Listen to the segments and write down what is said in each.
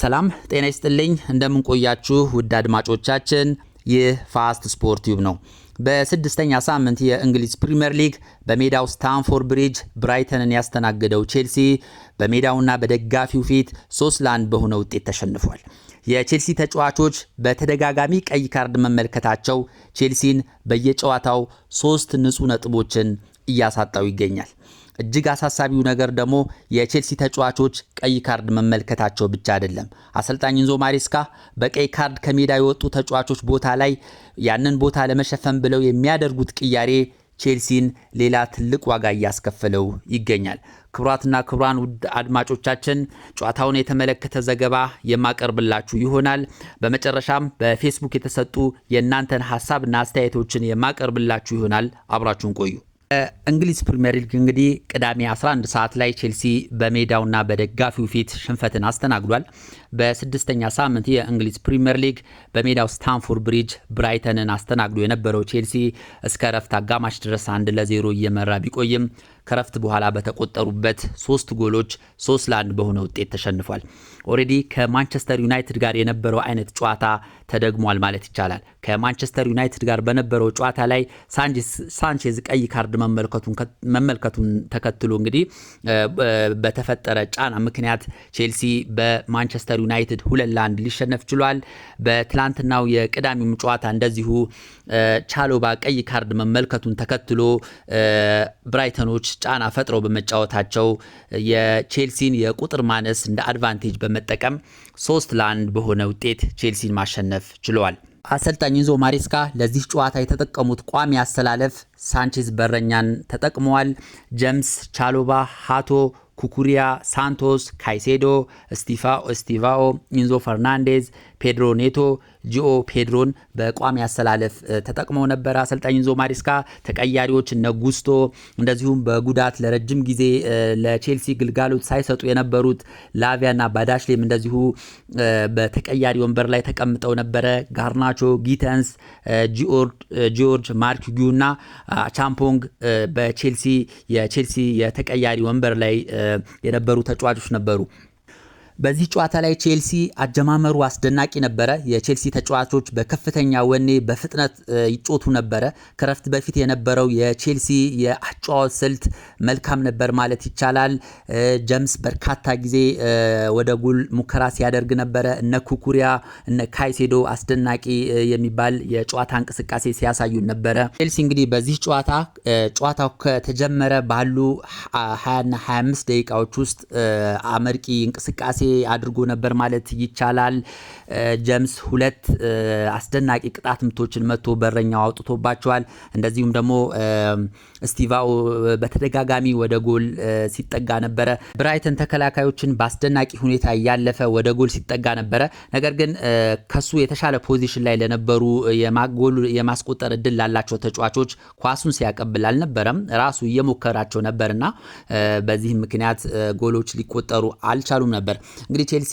ሰላም ጤና ይስጥልኝ። እንደምንቆያችሁ ውድ አድማጮቻችን፣ ይህ ፋስት ስፖርት ዩብ ነው። በስድስተኛ ሳምንት የእንግሊዝ ፕሪምየር ሊግ በሜዳው ስታንፎርድ ብሪጅ ብራይተንን ያስተናገደው ቼልሲ በሜዳውና በደጋፊው ፊት ሶስት ለአንድ በሆነ ውጤት ተሸንፏል። የቼልሲ ተጫዋቾች በተደጋጋሚ ቀይ ካርድ መመልከታቸው ቼልሲን በየጨዋታው ሶስት ንጹህ ነጥቦችን እያሳጣው ይገኛል። እጅግ አሳሳቢው ነገር ደግሞ የቼልሲ ተጫዋቾች ቀይ ካርድ መመልከታቸው ብቻ አይደለም። አሰልጣኝ ኢንዞ ማሬስካ በቀይ ካርድ ከሜዳ የወጡ ተጫዋቾች ቦታ ላይ ያንን ቦታ ለመሸፈን ብለው የሚያደርጉት ቅያሬ ቼልሲን ሌላ ትልቅ ዋጋ እያስከፈለው ይገኛል። ክቡራትና ክቡራን ውድ አድማጮቻችን ጨዋታውን የተመለከተ ዘገባ የማቀርብላችሁ ይሆናል። በመጨረሻም በፌስቡክ የተሰጡ የእናንተን ሀሳብና አስተያየቶችን የማቀርብላችሁ ይሆናል። አብራችሁን ቆዩ። እንግሊዝ ፕሪምየር ሊግ እንግዲህ ቅዳሜ 11 ሰዓት ላይ ቼልሲ በሜዳውና በደጋፊው ፊት ሽንፈትን አስተናግዷል። በስድስተኛ ሳምንት የእንግሊዝ ፕሪምየር ሊግ በሜዳው ስታንፎርድ ብሪጅ ብራይተንን አስተናግዶ የነበረው ቼልሲ እስከ ረፍት አጋማሽ ድረስ አንድ ለዜሮ እየመራ ቢቆይም ከረፍት በኋላ በተቆጠሩበት ሶስት ጎሎች ሶስት ለአንድ በሆነ ውጤት ተሸንፏል። ኦሬዲ ከማንቸስተር ዩናይትድ ጋር የነበረው አይነት ጨዋታ ተደግሟል ማለት ይቻላል። ከማንቸስተር ዩናይትድ ጋር በነበረው ጨዋታ ላይ ሳንቼዝ ቀይ ካርድ መመልከቱን ተከትሎ እንግዲህ በተፈጠረ ጫና ምክንያት ቼልሲ በማንቸስተር ዩናይትድ ሁለት ለአንድ ሊሸነፍ ችሏል። በትላንትናው የቅዳሜም ጨዋታ እንደዚሁ ቻሎባ ቀይ ካርድ መመልከቱን ተከትሎ ብራይተኖች ጫና ፈጥረው በመጫወታቸው የቼልሲን የቁጥር ማነስ እንደ አድቫንቴጅ በመጠቀም ሶስት ለአንድ በሆነ ውጤት ቼልሲን ማሸነፍ ችለዋል። አሰልጣኝ ኢንዞ ማሬስካ ለዚህ ጨዋታ የተጠቀሙት ቋሚ አሰላለፍ ሳንቼዝ በረኛን ተጠቅመዋል። ጀምስ፣ ቻሎባ፣ ሃቶ ኩኩሪያ፣ ሳንቶስ፣ ካይሴዶ፣ ኦስቲቫኦ፣ ኢንዞ ፈርናንዴዝ፣ ፔድሮ ኔቶ ጂኦ ፔድሮን በቋሚ አሰላለፍ ተጠቅመው ነበር አሰልጣኝ ኢንዞ ማሪስካ። ተቀያሪዎች እነ ጉስቶ እንደዚሁም በጉዳት ለረጅም ጊዜ ለቼልሲ ግልጋሎት ሳይሰጡ የነበሩት ላቪያና ባዳሽሌም እንደዚሁ በተቀያሪ ወንበር ላይ ተቀምጠው ነበረ። ጋርናቾ፣ ጊተንስ፣ ጂኦርጅ ማርኪጊዩ እና ቻምፖንግ በቼልሲ የቼልሲ የተቀያሪ ወንበር ላይ የነበሩ ተጫዋቾች ነበሩ። በዚህ ጨዋታ ላይ ቼልሲ አጀማመሩ አስደናቂ ነበረ። የቼልሲ ተጫዋቾች በከፍተኛ ወኔ በፍጥነት ይጮቱ ነበረ። ከረፍት በፊት የነበረው የቼልሲ የአጨዋወት ስልት መልካም ነበር ማለት ይቻላል። ጀምስ በርካታ ጊዜ ወደ ጉል ሙከራ ሲያደርግ ነበረ። እነ ኩኩሪያ እነ ካይሴዶ አስደናቂ የሚባል የጨዋታ እንቅስቃሴ ሲያሳዩ ነበረ። ቼልሲ እንግዲህ በዚህ ጨዋታ ጨዋታው ከተጀመረ ባሉ 20ና 25 ደቂቃዎች ውስጥ አመርቂ እንቅስቃሴ አድርጎ ነበር ማለት ይቻላል። ጀምስ ሁለት አስደናቂ ቅጣት ምቶችን መቶ በረኛው አውጥቶባቸዋል። እንደዚሁም ደግሞ ስቲቫኦ በተደጋጋሚ ወደ ጎል ሲጠጋ ነበረ። ብራይተን ተከላካዮችን በአስደናቂ ሁኔታ እያለፈ ወደ ጎል ሲጠጋ ነበረ። ነገር ግን ከሱ የተሻለ ፖዚሽን ላይ ለነበሩ የማጎል የማስቆጠር እድል ላላቸው ተጫዋቾች ኳሱን ሲያቀብል አልነበረም። ራሱ እየሞከራቸው ነበርና በዚህም ምክንያት ጎሎች ሊቆጠሩ አልቻሉም ነበር። እንግዲህ ቼልሲ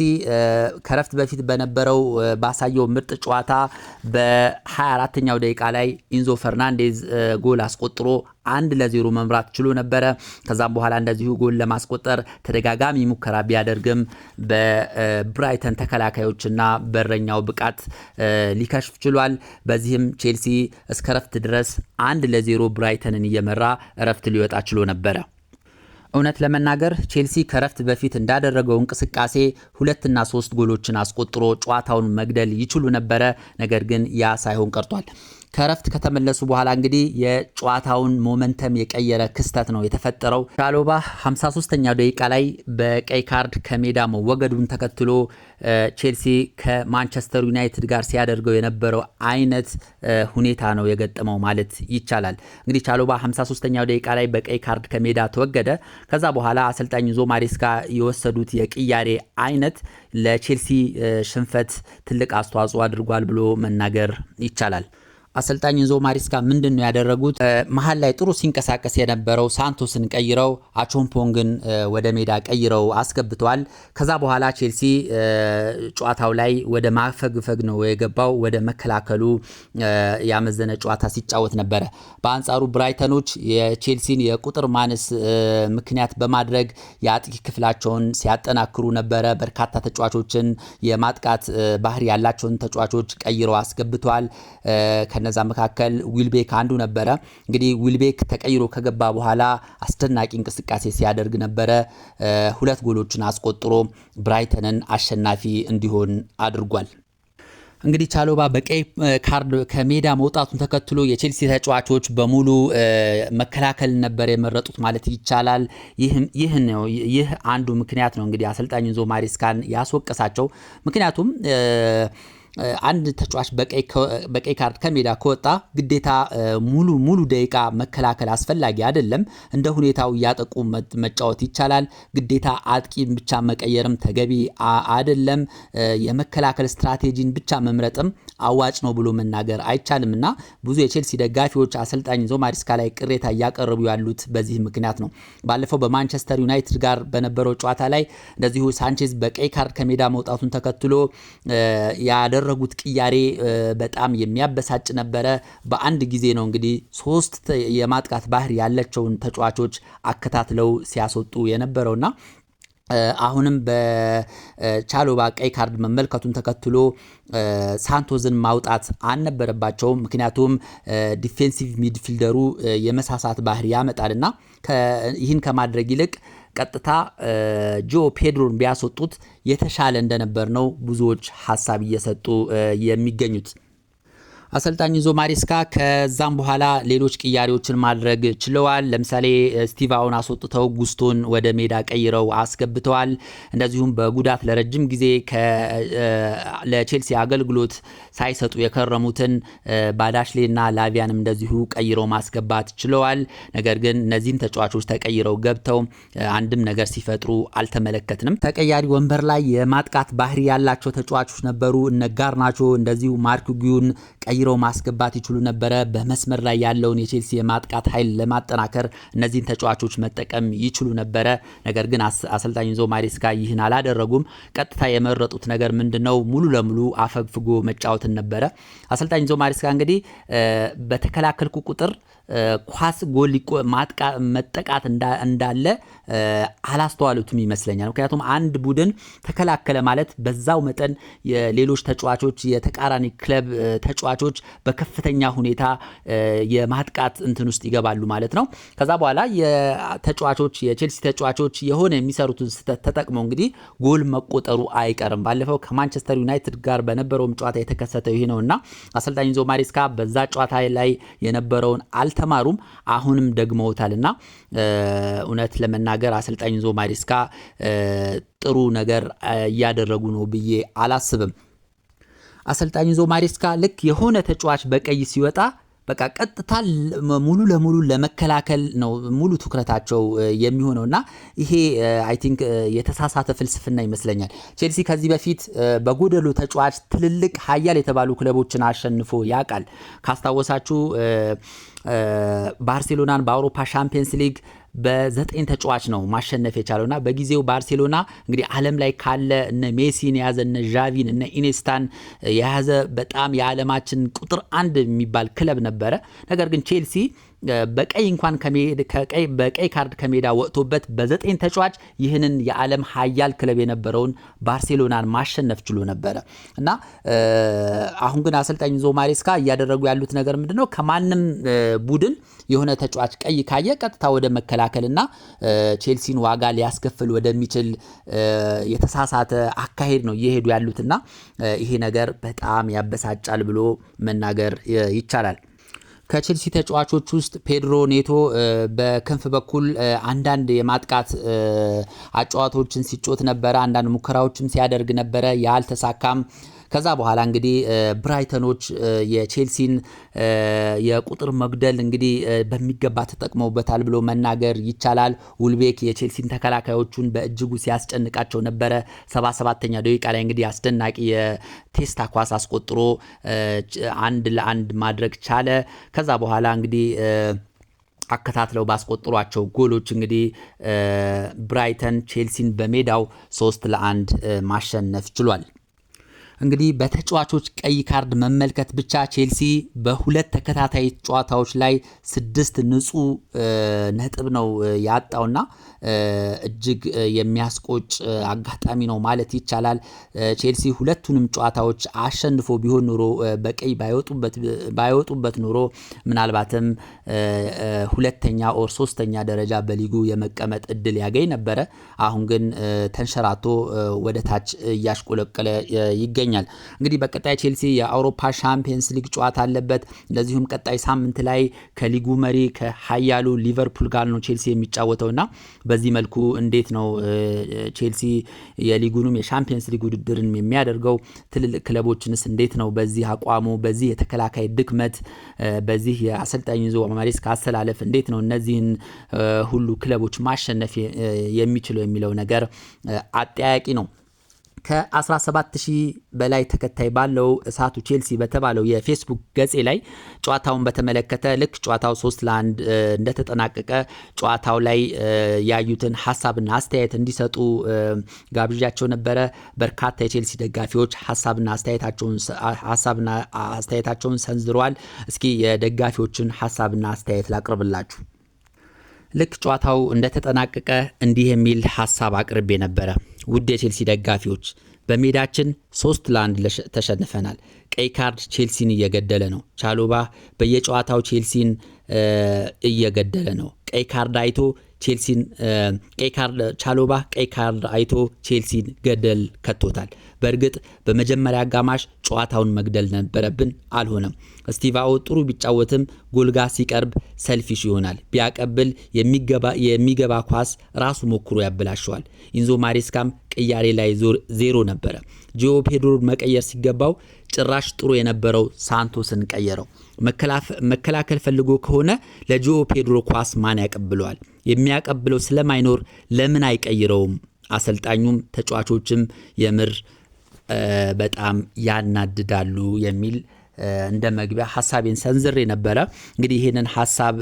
ከረፍት በፊት በነበረው ባሳየው ምርጥ ጨዋታ በ24ኛው ደቂቃ ላይ ኢንዞ ፈርናንዴዝ ጎል አስቆጥሮ አንድ ለዜሮ መምራት ችሎ ነበረ። ከዛም በኋላ እንደዚሁ ጎል ለማስቆጠር ተደጋጋሚ ሙከራ ቢያደርግም በብራይተን ተከላካዮችና በረኛው ብቃት ሊከሽፍ ችሏል። በዚህም ቼልሲ እስከ እረፍት ድረስ አንድ ለዜሮ ብራይተንን እየመራ እረፍት ሊወጣ ችሎ ነበረ። እውነት ለመናገር ቼልሲ ከረፍት በፊት እንዳደረገው እንቅስቃሴ ሁለትና ሶስት ጎሎችን አስቆጥሮ ጨዋታውን መግደል ይችሉ ነበረ። ነገር ግን ያ ሳይሆን ቀርቷል። ከረፍት ከተመለሱ በኋላ እንግዲህ የጨዋታውን ሞመንተም የቀየረ ክስተት ነው የተፈጠረው። ሻሎባ 53ኛ ደቂቃ ላይ በቀይ ካርድ ከሜዳ መወገዱን ተከትሎ ቼልሲ ከማንቸስተር ዩናይትድ ጋር ሲያደርገው የነበረው አይነት ሁኔታ ነው የገጠመው ማለት ይቻላል። እንግዲህ ቻሎባ 53ኛው ደቂቃ ላይ በቀይ ካርድ ከሜዳ ተወገደ። ከዛ በኋላ አሰልጣኝ ዞ ማሬስካ የወሰዱት የቅያሬ አይነት ለቼልሲ ሽንፈት ትልቅ አስተዋጽኦ አድርጓል ብሎ መናገር ይቻላል። አሰልጣኝ ኢንዞ ማሪስካ ምንድን ነው ያደረጉት? መሀል ላይ ጥሩ ሲንቀሳቀስ የነበረው ሳንቶስን ቀይረው አቾምፖንግን ወደ ሜዳ ቀይረው አስገብተዋል። ከዛ በኋላ ቼልሲ ጨዋታው ላይ ወደ ማፈግፈግ ነው የገባው፣ ወደ መከላከሉ ያመዘነ ጨዋታ ሲጫወት ነበረ። በአንጻሩ ብራይተኖች የቼልሲን የቁጥር ማነስ ምክንያት በማድረግ የአጥቂ ክፍላቸውን ሲያጠናክሩ ነበረ። በርካታ ተጫዋቾችን የማጥቃት ባህር ያላቸውን ተጫዋቾች ቀይረው አስገብተዋል። ከነዛ መካከል ዊልቤክ አንዱ ነበረ። እንግዲህ ዊልቤክ ተቀይሮ ከገባ በኋላ አስደናቂ እንቅስቃሴ ሲያደርግ ነበረ። ሁለት ጎሎችን አስቆጥሮ ብራይተንን አሸናፊ እንዲሆን አድርጓል። እንግዲህ ቻሎባ በቀይ ካርድ ከሜዳ መውጣቱን ተከትሎ የቼልሲ ተጫዋቾች በሙሉ መከላከል ነበር የመረጡት ማለት ይቻላል። ይህ ነው ይህ አንዱ ምክንያት ነው እንግዲህ አሰልጣኝ ኢንዞ ማሪስካን ያስወቀሳቸው ምክንያቱም አንድ ተጫዋች በቀይ ካርድ ከሜዳ ከወጣ ግዴታ ሙሉ ሙሉ ደቂቃ መከላከል አስፈላጊ አይደለም። እንደ ሁኔታው እያጠቁ መጫወት ይቻላል። ግዴታ አጥቂን ብቻ መቀየርም ተገቢ አይደለም። የመከላከል ስትራቴጂን ብቻ መምረጥም አዋጭ ነው ብሎ መናገር አይቻልም እና ብዙ የቼልሲ ደጋፊዎች አሰልጣኝ ዞ ማሪስካ ላይ ቅሬታ እያቀረቡ ያሉት በዚህ ምክንያት ነው። ባለፈው በማንቸስተር ዩናይትድ ጋር በነበረው ጨዋታ ላይ እንደዚሁ ሳንቼዝ በቀይ ካርድ ከሜዳ መውጣቱን ተከትሎ ያደረጉት ቅያሬ በጣም የሚያበሳጭ ነበረ። በአንድ ጊዜ ነው እንግዲህ ሶስት የማጥቃት ባህር ያላቸውን ተጫዋቾች አከታትለው ሲያስወጡ የነበረውና አሁንም በቻሎባ ቀይ ካርድ መመልከቱን ተከትሎ ሳንቶዝን ማውጣት አልነበረባቸውም። ምክንያቱም ዲፌንሲቭ ሚድፊልደሩ የመሳሳት ባህሪ ያመጣልና ይህን ከማድረግ ይልቅ ቀጥታ ጆ ፔድሮን ቢያስወጡት የተሻለ እንደነበር ነው ብዙዎች ሀሳብ እየሰጡ የሚገኙት። አሰልጣኝ ዞ ማሪስካ ከዛም በኋላ ሌሎች ቅያሬዎችን ማድረግ ችለዋል። ለምሳሌ ስቲቫውን አስወጥተው ጉስቶን ወደ ሜዳ ቀይረው አስገብተዋል። እንደዚሁም በጉዳት ለረጅም ጊዜ ለቼልሲ አገልግሎት ሳይሰጡ የከረሙትን ባዳሽሌና ላቪያንም እንደዚሁ ቀይረው ማስገባት ችለዋል። ነገር ግን እነዚህም ተጫዋቾች ተቀይረው ገብተው አንድም ነገር ሲፈጥሩ አልተመለከትንም። ተቀያሪ ወንበር ላይ የማጥቃት ባህሪ ያላቸው ተጫዋቾች ነበሩ። እነ ጋርናቾ እንደዚሁ ማርክ ቀይ ዜሮ ማስገባት ይችሉ ነበረ። በመስመር ላይ ያለውን የቼልሲ የማጥቃት ኃይል ለማጠናከር እነዚህን ተጫዋቾች መጠቀም ይችሉ ነበረ። ነገር ግን አሰልጣኝ ኢንዞ ማሬስካ ይህን አላደረጉም። ቀጥታ የመረጡት ነገር ምንድነው? ሙሉ ለሙሉ አፈግፍጎ መጫወትን ነበረ። አሰልጣኝ ኢንዞ ማሬስካ እንግዲህ በተከላከልኩ ቁጥር ኳስ ጎል መጠቃት እንዳለ አላስተዋሉትም ይመስለኛል። ምክንያቱም አንድ ቡድን ተከላከለ ማለት በዛው መጠን የሌሎች ተጫዋቾች የተቃራኒ ክለብ ተጫዋቾች ቡድኖች በከፍተኛ ሁኔታ የማጥቃት እንትን ውስጥ ይገባሉ ማለት ነው። ከዛ በኋላ የተጫዋቾች የቼልሲ ተጫዋቾች የሆነ የሚሰሩትን ስህተት ተጠቅመው እንግዲህ ጎል መቆጠሩ አይቀርም። ባለፈው ከማንቸስተር ዩናይትድ ጋር በነበረውም ጨዋታ የተከሰተው ይህ ነው እና አሰልጣኝ ኢንዞ ማሬስካ በዛ ጨዋታ ላይ የነበረውን አልተማሩም፣ አሁንም ደግመውታል እና እውነት ለመናገር አሰልጣኝ ኢንዞ ማሬስካ ጥሩ ነገር እያደረጉ ነው ብዬ አላስብም። አሰልጣኝ ዞ ማሬስካ ልክ የሆነ ተጫዋች በቀይ ሲወጣ በቃ ቀጥታ ሙሉ ለሙሉ ለመከላከል ነው ሙሉ ትኩረታቸው የሚሆነው እና ይሄ አይ ቲንክ የተሳሳተ ፍልስፍና ይመስለኛል። ቼልሲ ከዚህ በፊት በጎደሉ ተጫዋች ትልልቅ ሀያል የተባሉ ክለቦችን አሸንፎ ያውቃል። ካስታወሳችሁ ባርሴሎናን በአውሮፓ ሻምፒየንስ ሊግ በዘጠኝ ተጫዋች ነው ማሸነፍ የቻለውና በጊዜው ባርሴሎና እንግዲህ ዓለም ላይ ካለ እነ ሜሲን የያዘ እነ ዣቪን እነ ኢኔስታን የያዘ በጣም የዓለማችን ቁጥር አንድ የሚባል ክለብ ነበረ። ነገር ግን ቼልሲ በቀይ እንኳን በቀይ ካርድ ከሜዳ ወጥቶበት በዘጠኝ ተጫዋች ይህንን የዓለም ሀያል ክለብ የነበረውን ባርሴሎናን ማሸነፍ ችሎ ነበረ እና አሁን ግን አሰልጣኝ ዞ ማሬስካ እያደረጉ ያሉት ነገር ምንድን ነው? ከማንም ቡድን የሆነ ተጫዋች ቀይ ካየ ቀጥታ ወደ መከላከልና ቼልሲን ዋጋ ሊያስከፍል ወደሚችል የተሳሳተ አካሄድ ነው እየሄዱ ያሉትና ይሄ ነገር በጣም ያበሳጫል ብሎ መናገር ይቻላል። ከቼልሲ ተጫዋቾች ውስጥ ፔድሮ ኔቶ በክንፍ በኩል አንዳንድ የማጥቃት አጫዋቶችን ሲጮት ነበረ። አንዳንድ ሙከራዎችም ሲያደርግ ነበረ። ያልተሳካም ከዛ በኋላ እንግዲህ ብራይተኖች የቼልሲን የቁጥር መጉደል እንግዲህ በሚገባ ተጠቅመውበታል ብሎ መናገር ይቻላል። ውልቤክ የቼልሲን ተከላካዮቹን በእጅጉ ሲያስጨንቃቸው ነበረ። 77ኛ ደቂቃ ላይ እንግዲህ አስደናቂ የቴስታ ኳስ አስቆጥሮ አንድ ለአንድ ማድረግ ቻለ። ከዛ በኋላ እንግዲህ አከታትለው ባስቆጥሯቸው ጎሎች እንግዲህ ብራይተን ቼልሲን በሜዳው ሶስት ለአንድ ማሸነፍ ችሏል። እንግዲህ በተጫዋቾች ቀይ ካርድ መመልከት ብቻ ቼልሲ በሁለት ተከታታይ ጨዋታዎች ላይ ስድስት ንጹህ ነጥብ ነው ያጣውና እጅግ የሚያስቆጭ አጋጣሚ ነው ማለት ይቻላል። ቼልሲ ሁለቱንም ጨዋታዎች አሸንፎ ቢሆን ኑሮ በቀይ ባይወጡበት ኑሮ ምናልባትም ሁለተኛ ኦር ሶስተኛ ደረጃ በሊጉ የመቀመጥ እድል ያገኝ ነበረ። አሁን ግን ተንሸራቶ ወደ ታች እያሽቆለቀለ ይገኛል። ይገኛል። እንግዲህ በቀጣይ ቼልሲ የአውሮፓ ሻምፒየንስ ሊግ ጨዋታ አለበት። እንደዚሁም ቀጣይ ሳምንት ላይ ከሊጉ መሪ ከሀያሉ ሊቨርፑል ጋር ነው ቼልሲ እና በዚህ መልኩ እንዴት ነው ቼልሲ የሊጉንም የሻምፒየንስ ሊግ ውድድርን የሚያደርገው? ትልልቅ ክለቦችንስ እንዴት ነው በዚህ አቋሙ፣ በዚህ የተከላካይ ድክመት፣ በዚህ የአሰልጣኝ ዞ ማሬስ አሰላለፍ እንዴት ነው እነዚህን ሁሉ ክለቦች ማሸነፍ የሚችለው የሚለው ነገር አጠያቂ ነው። ከ17000 በላይ ተከታይ ባለው እሳቱ ቼልሲ በተባለው የፌስቡክ ገጼ ላይ ጨዋታውን በተመለከተ ልክ ጨዋታው 3 ለአንድ እንደተጠናቀቀ ጨዋታው ላይ ያዩትን ሀሳብና አስተያየት እንዲሰጡ ጋብዣቸው ነበረ። በርካታ የቼልሲ ደጋፊዎች ሀሳብና አስተያየታቸውን ሰንዝረዋል። እስኪ የደጋፊዎችን ሀሳብና አስተያየት ላቅርብላችሁ። ልክ ጨዋታው እንደተጠናቀቀ እንዲህ የሚል ሀሳብ አቅርቤ ነበረ። ውድ የቼልሲ ደጋፊዎች በሜዳችን ሶስት ለአንድ ተሸንፈናል። ቀይ ካርድ ቼልሲን እየገደለ ነው። ቻሎባ በየጨዋታው ቼልሲን እየገደለ ነው። ቀይ ካርድ አይቶ ቼልሲን ቀይ ካርድ ቻሎባ ቀይ ካርድ አይቶ ቼልሲን ገደል ከቶታል። በእርግጥ በመጀመሪያ አጋማሽ ጨዋታውን መግደል ነበረብን፣ አልሆነም። ስቲቫኦ ጥሩ ቢጫወትም ጎልጋ ሲቀርብ ሰልፊሽ ይሆናል። ቢያቀብል የሚገባ ኳስ ራሱ ሞክሮ ያበላሸዋል። ኢንዞ ማሬስካም ቅያሬ ላይ ዜሮ ነበረ። ጂኦ ፔድሮን መቀየር ሲገባው ጭራሽ ጥሩ የነበረው ሳንቶስን ቀየረው። መከላከል ፈልጎ ከሆነ ለጆ ፔድሮ ኳስ ማን ያቀብለዋል? የሚያቀብለው ስለማይኖር ለምን አይቀይረውም? አሰልጣኙም ተጫዋቾችም የምር በጣም ያናድዳሉ የሚል እንደ መግቢያ ሀሳቤን ሰንዝሬ ነበረ። እንግዲህ ይህንን ሀሳብ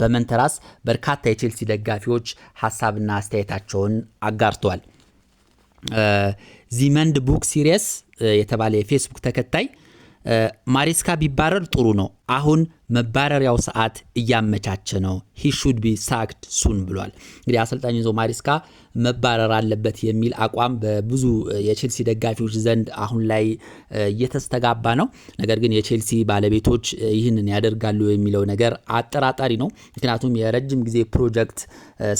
በመንተራስ በርካታ የቼልሲ ደጋፊዎች ሀሳብና አስተያየታቸውን አጋርተዋል። ዚመንድ ቡክ ሲሪየስ የተባለ የፌስቡክ ተከታይ ማሪስካ ቢባረር ጥሩ ነው። አሁን መባረሪያው ሰዓት እያመቻቸ ነው። ሂ ሹድ ቢ ሳክድ ሱን ብሏል። እንግዲህ አሰልጣኝ ኢንዞ ማሪስካ መባረር አለበት የሚል አቋም በብዙ የቼልሲ ደጋፊዎች ዘንድ አሁን ላይ እየተስተጋባ ነው። ነገር ግን የቼልሲ ባለቤቶች ይህንን ያደርጋሉ የሚለው ነገር አጠራጣሪ ነው። ምክንያቱም የረጅም ጊዜ ፕሮጀክት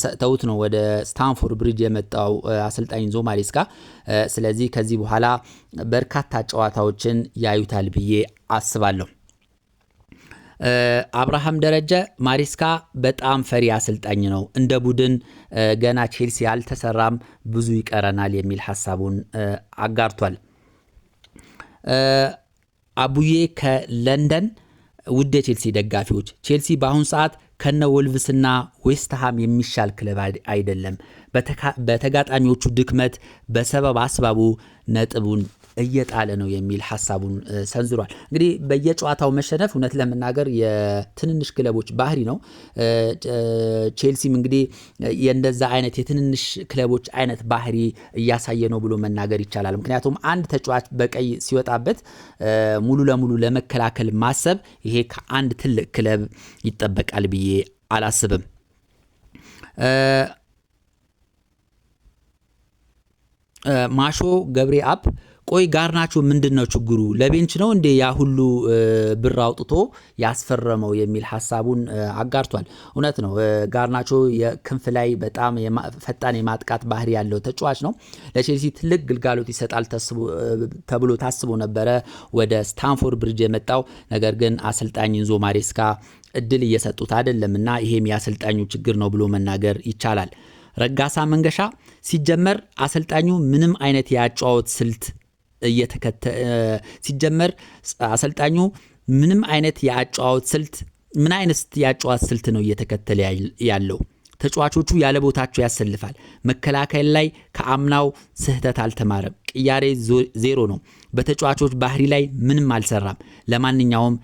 ሰጥተውት ነው ወደ ስታንፎርድ ብሪጅ የመጣው አሰልጣኝ ኢንዞ ማሪስካ። ስለዚህ ከዚህ በኋላ በርካታ ጨዋታዎችን ያዩታል ብዬ አስባለሁ። አብርሃም ደረጀ ማሪስካ በጣም ፈሪ አሰልጣኝ ነው። እንደ ቡድን ገና ቼልሲ አልተሰራም፣ ብዙ ይቀረናል የሚል ሀሳቡን አጋርቷል። አቡዬ ከለንደን ውድ ቼልሲ ደጋፊዎች፣ ቼልሲ በአሁኑ ሰዓት ከነ ወልቭስና ዌስትሃም የሚሻል ክለብ አይደለም። በተጋጣሚዎቹ ድክመት በሰበብ አስባቡ ነጥቡን እየጣለ ነው የሚል ሀሳቡን ሰንዝሯል። እንግዲህ በየጨዋታው መሸነፍ እውነት ለመናገር የትንንሽ ክለቦች ባህሪ ነው። ቼልሲም እንግዲህ የእንደዛ አይነት የትንንሽ ክለቦች አይነት ባህሪ እያሳየ ነው ብሎ መናገር ይቻላል። ምክንያቱም አንድ ተጫዋች በቀይ ሲወጣበት ሙሉ ለሙሉ ለመከላከል ማሰብ ይሄ ከአንድ ትልቅ ክለብ ይጠበቃል ብዬ አላስብም። ማሾ ገብሬ አብ ቆይ ጋርናቾ ምንድን ነው ችግሩ? ለቤንች ነው እንዴ ያ ሁሉ ብር አውጥቶ ያስፈረመው የሚል ሀሳቡን አጋርቷል። እውነት ነው። ጋርናቾ የክንፍ ላይ በጣም ፈጣን የማጥቃት ባህሪ ያለው ተጫዋች ነው። ለቼልሲ ትልቅ ግልጋሎት ይሰጣል ተብሎ ታስቦ ነበረ ወደ ስታንፎርድ ብሪጅ የመጣው ነገር ግን አሰልጣኝ ኢንዞ ማሬስካ እድል እየሰጡት አይደለም እና ይሄም የአሰልጣኙ ችግር ነው ብሎ መናገር ይቻላል። ረጋሳ መንገሻ ሲጀመር አሰልጣኙ ምንም አይነት የአጨዋወት ስልት እየተከተ ሲጀመር አሰልጣኙ ምንም አይነት የአጨዋወት ስልት ምን አይነት የአጨዋወት ስልት ነው እየተከተለ ያለው? ተጫዋቾቹ ያለ ቦታቸው ያሰልፋል። መከላከል ላይ ከአምናው ስህተት አልተማረም። ቅያሬ ዜሮ ነው። በተጫዋቾች ባህሪ ላይ ምንም አልሰራም። ለማንኛውም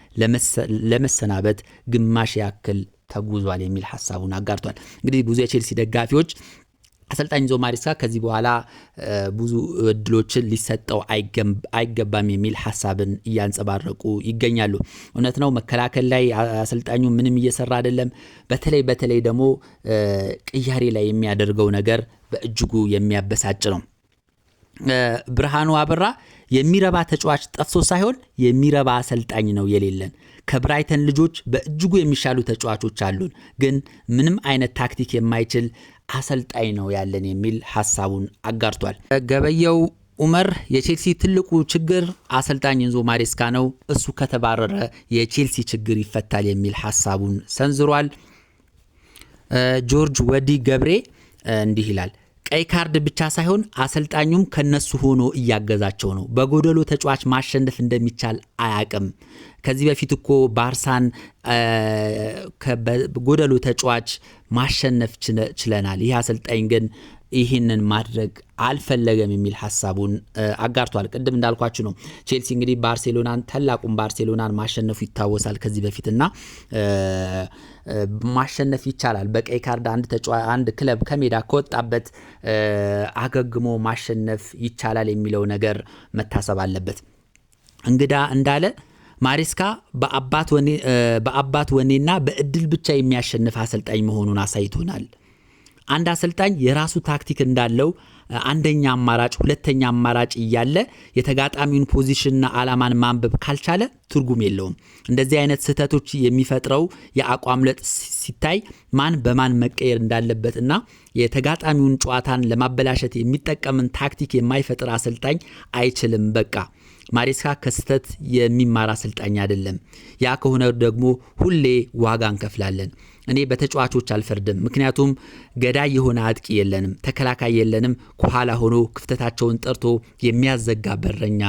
ለመሰናበት ግማሽ ያክል ተጉዟል የሚል ሀሳቡን አጋርቷል። እንግዲህ ብዙ የቼልሲ ደጋፊዎች አሰልጣኝ ዞ ማሪስካ ከዚህ በኋላ ብዙ እድሎችን ሊሰጠው አይገባም የሚል ሀሳብን እያንጸባረቁ ይገኛሉ። እውነት ነው፣ መከላከል ላይ አሰልጣኙ ምንም እየሰራ አይደለም። በተለይ በተለይ ደግሞ ቅያሬ ላይ የሚያደርገው ነገር በእጅጉ የሚያበሳጭ ነው። ብርሃኑ አበራ የሚረባ ተጫዋች ጠፍቶ ሳይሆን የሚረባ አሰልጣኝ ነው የሌለን። ከብራይተን ልጆች በእጅጉ የሚሻሉ ተጫዋቾች አሉን፣ ግን ምንም አይነት ታክቲክ የማይችል አሰልጣኝ ነው ያለን የሚል ሀሳቡን አጋርቷል። ገበየው ኡመር የቼልሲ ትልቁ ችግር አሰልጣኝ ኢንዞ ማሬስካ ነው፣ እሱ ከተባረረ የቼልሲ ችግር ይፈታል የሚል ሀሳቡን ሰንዝሯል። ጆርጅ ወዲ ገብሬ እንዲህ ይላል። ቀይ ካርድ ብቻ ሳይሆን አሰልጣኙም ከነሱ ሆኖ እያገዛቸው ነው። በጎደሎ ተጫዋች ማሸነፍ እንደሚቻል አያቅም። ከዚህ በፊት እኮ ባርሳን በጎደሎ ተጫዋች ማሸነፍ ችለናል። ይህ አሰልጣኝ ግን ይህንን ማድረግ አልፈለገም የሚል ሀሳቡን አጋርቷል። ቅድም እንዳልኳችሁ ነው። ቼልሲ እንግዲህ ባርሴሎናን ታላቁን ባርሴሎናን ማሸነፉ ይታወሳል ከዚህ በፊትና ማሸነፍ ይቻላል። በቀይ ካርድ አንድ ተጫዋች አንድ ክለብ ከሜዳ ከወጣበት አገግሞ ማሸነፍ ይቻላል የሚለው ነገር መታሰብ አለበት። እንግዳ እንዳለ ማሪስካ በአባት ወኔና በእድል ብቻ የሚያሸንፍ አሰልጣኝ መሆኑን አሳይቶናል። አንድ አሰልጣኝ የራሱ ታክቲክ እንዳለው አንደኛ አማራጭ፣ ሁለተኛ አማራጭ እያለ የተጋጣሚውን ፖዚሽንና አላማን ማንበብ ካልቻለ ትርጉም የለውም። እንደዚህ አይነት ስህተቶች የሚፈጥረው የአቋም ለውጥ ሲታይ ማን በማን መቀየር እንዳለበት እና የተጋጣሚውን ጨዋታን ለማበላሸት የሚጠቀምን ታክቲክ የማይፈጥር አሰልጣኝ አይችልም። በቃ ማሬስካ ከስህተት የሚማር አሰልጣኝ አይደለም። ያ ከሆነ ደግሞ ሁሌ ዋጋ እንከፍላለን። እኔ በተጫዋቾች አልፈርድም። ምክንያቱም ገዳይ የሆነ አጥቂ የለንም፣ ተከላካይ የለንም፣ ከኋላ ሆኖ ክፍተታቸውን ጠርቶ የሚያዘጋ በረኛ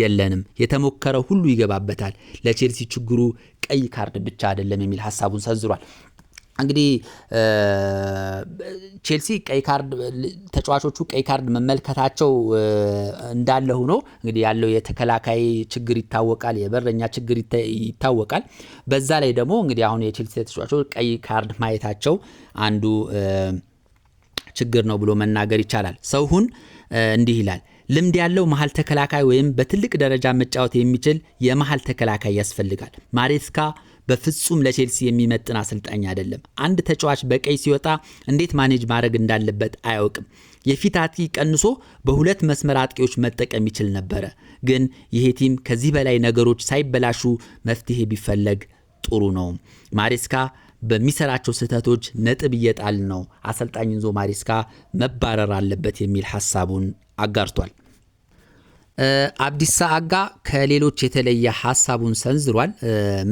የለንም። የተሞከረ ሁሉ ይገባበታል። ለቼልሲ ችግሩ ቀይ ካርድ ብቻ አይደለም የሚል ሀሳቡን ሰንዝሯል። እንግዲህ ቼልሲ ቀይ ካርድ ተጫዋቾቹ ቀይ ካርድ መመልከታቸው እንዳለ ሆኖ እንግዲህ ያለው የተከላካይ ችግር ይታወቃል፣ የበረኛ ችግር ይታወቃል። በዛ ላይ ደግሞ እንግዲህ አሁን የቼልሲ ተጫዋቾች ቀይ ካርድ ማየታቸው አንዱ ችግር ነው ብሎ መናገር ይቻላል። ሰውሁን እንዲህ ይላል። ልምድ ያለው መሀል ተከላካይ ወይም በትልቅ ደረጃ መጫወት የሚችል የመሀል ተከላካይ ያስፈልጋል ማሬስካ በፍጹም ለቼልሲ የሚመጥን አሰልጣኝ አይደለም። አንድ ተጫዋች በቀይ ሲወጣ እንዴት ማኔጅ ማድረግ እንዳለበት አያውቅም። የፊት አጥቂ ቀንሶ በሁለት መስመር አጥቂዎች መጠቀም ይችል ነበረ። ግን ይሄ ቲም ከዚህ በላይ ነገሮች ሳይበላሹ መፍትሄ ቢፈለግ ጥሩ ነው። ማሬስካ በሚሰራቸው ስህተቶች ነጥብ እየጣል ነው። አሰልጣኝ ኢንዞ ማሬስካ መባረር አለበት የሚል ሀሳቡን አጋርቷል። አብዲሳ አጋ ከሌሎች የተለየ ሀሳቡን ሰንዝሯል።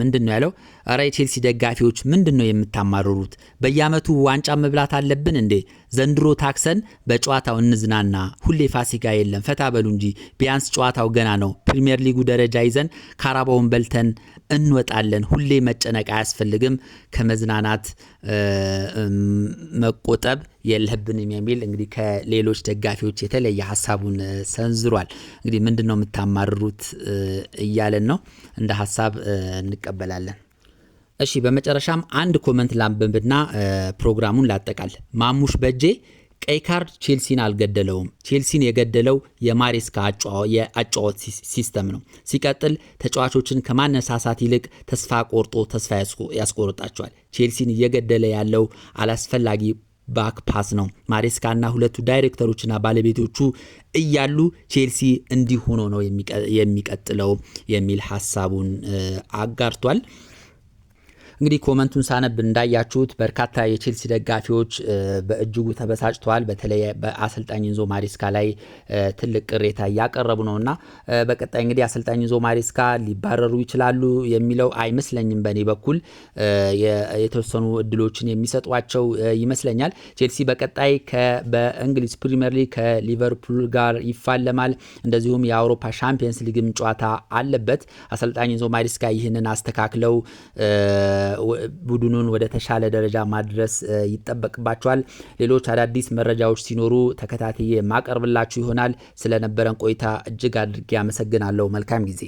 ምንድን ነው ያለው? አረ የቼልሲ ደጋፊዎች ምንድን ነው የምታማርሩት? በየአመቱ ዋንጫ መብላት አለብን እንዴ? ዘንድሮ ታክሰን በጨዋታው እንዝናና። ሁሌ ፋሲካ የለም፣ ፈታ በሉ እንጂ። ቢያንስ ጨዋታው ገና ነው። ፕሪምየር ሊጉ ደረጃ ይዘን ካራባውን በልተን እንወጣለን። ሁሌ መጨነቅ አያስፈልግም። ከመዝናናት መቆጠብ የለብንም የሚል እንግዲህ ከሌሎች ደጋፊዎች የተለየ ሀሳቡን ሰንዝሯል። እንግዲህ ምንድን ነው የምታማርሩት እያለን ነው። እንደ ሀሳብ እንቀበላለን። እሺ በመጨረሻም አንድ ኮመንት ላንብብና ፕሮግራሙን ላጠቃል። ማሙሽ በጄ ቀይ ካርድ ቼልሲን አልገደለውም። ቼልሲን የገደለው የማሬስካ የአጫወት ሲስተም ነው። ሲቀጥል ተጫዋቾችን ከማነሳሳት ይልቅ ተስፋ ቆርጦ ተስፋ ያስቆርጣቸዋል። ቼልሲን እየገደለ ያለው አላስፈላጊ ባክ ፓስ ነው። ማሬስካና ሁለቱ ዳይሬክተሮችና ባለቤቶቹ እያሉ ቼልሲ እንዲህ ሆኖ ነው የሚቀጥለው የሚል ሀሳቡን አጋርቷል። እንግዲህ ኮመንቱን ሳነብ እንዳያችሁት በርካታ የቼልሲ ደጋፊዎች በእጅጉ ተበሳጭተዋል። በተለይ በአሰልጣኝ ኢንዞ ማሪስካ ላይ ትልቅ ቅሬታ እያቀረቡ ነው እና በቀጣይ እንግዲህ አሰልጣኝ ኢንዞ ማሪስካ ሊባረሩ ይችላሉ የሚለው አይመስለኝም። በእኔ በኩል የተወሰኑ እድሎችን የሚሰጧቸው ይመስለኛል። ቼልሲ በቀጣይ በእንግሊዝ ፕሪምየር ሊግ ከሊቨርፑል ጋር ይፋለማል። እንደዚሁም የአውሮፓ ሻምፒየንስ ሊግም ጨዋታ አለበት። አሰልጣኝ ኢንዞ ማሪስካ ይህንን አስተካክለው ቡድኑን ወደ ተሻለ ደረጃ ማድረስ ይጠበቅባቸዋል። ሌሎች አዳዲስ መረጃዎች ሲኖሩ ተከታትዬ ማቀርብላችሁ ይሆናል። ስለነበረን ቆይታ እጅግ አድርጌ አመሰግናለሁ። መልካም ጊዜ